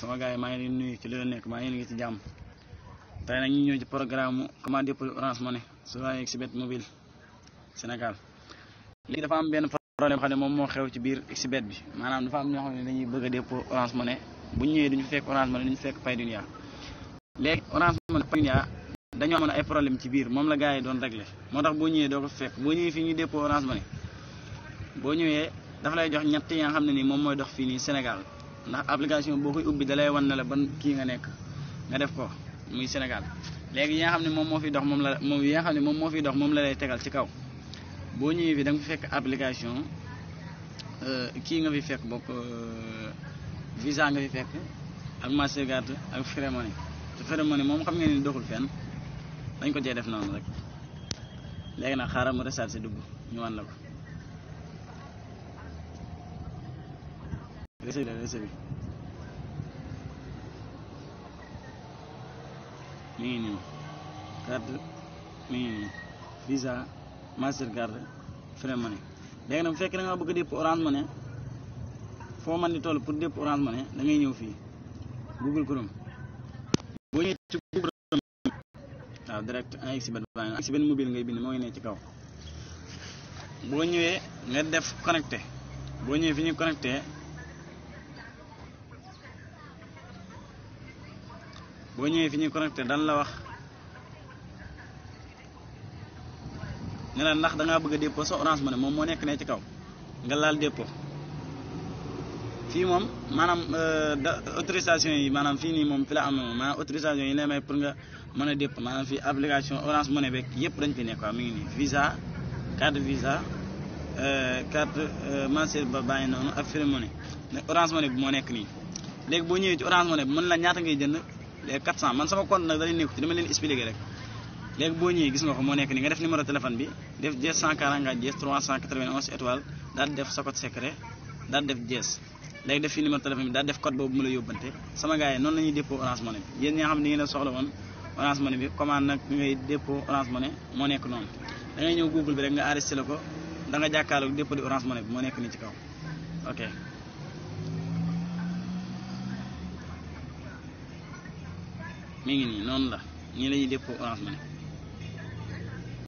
sama gars maa ngi leen nuy ci loolu nekk maa ngi leen ci jàmm tey nag ñu ñëw ci programme mu comment déposer Orange Money sur la Xbet mobile Sénégal. léegi dafa am benn problème xam ne moom moo xew ci biir Xbet bi maanaam am ñoo xam ne dañuy bëgg a déposer Orange Money bu ñu ñëwee duñu fekk Orange Money duñu fekk Paydunia léegi Orange Money Paydunia dañoo amoon ay problème ci biir moom la gars yi doon réglé moo tax boo ñëwee doo boo ñëwee fii ñuy déposer Orange boo ñëwee dafa lay jox ñett yi nga xam ne moom mooy dox fii nii Sénégal ndax application boo koy ubbi dalay wan na la ban kii nga nekk nga def ko muy Sénégal léegi yi xam ne moom moo fi dox moom la moom yi nga xam ne moom moo fi dox moom la lay tegal ci kaw boo ñëwee fi da nga fi fekk application euh, kii nga fi fekk bokk euh, visa nga fi fekk ak Mastercard ak Free Money te moom xam nga ni doxul fen dañ ko cee def noonu rek léegi nag xaaral mu recharge dugg ñu wan ko Laissez, laissez. mi ngi nii carte mi ngi money léegi nag bu fekkee da nga bëgg dépp orange foo man di toll pour dépp orange money ñëw fii google chrome boo ñëwee ci google chrome si benn baa ngi si benn mobile ngay bind moo ci kaw boo ñëwee nga def connecté boo ñëwee fi ñu connecté boo ñëwee fi ñu connecté dan la wax ne la ndax da ngaa bëgg a dépôt sa orange moom moo nekk ne ci kaw nga laal dépôt fii moom maanaam euh, da autorisation yi maanaam fii nii moom fi la am maanaam autorisation yi ne may pour nga mën a dépôt maanaam fii application orange money beeg yëpp dañ fi nekk waaw mi ngi nii visa carte visa euh, carte euh, marché ba bàyyi noonu ak Free Money ne orange bi moo nekk nii léegi boo ñëwee ci orange money bi mën la ñaata ngay jënd. léegi 400 man sama compte nag da lay nekk ci dama leen expliqué rek léegi boo ñëwee gis nga ko moo nekk ni nga def numéro téléphone bi def dièse 144 dièse 391 étoile daal def sa code secret daal def dièse léegi def fi numéro téléphone bi daal def code boobu mu la yóbbante sama gars yi noonu la ñuy orange money bi yéen ñi xam ni ngeen soxla orange money bi commande nag ngay dépôt orange money moo nekk noonu da ngay ñëw google bi rek n enregistré la ko da nga jàkkaarloog dépôt bi moo nekk ni ci kaw mi ngi nii noonu la nii la ñuy dépp Orange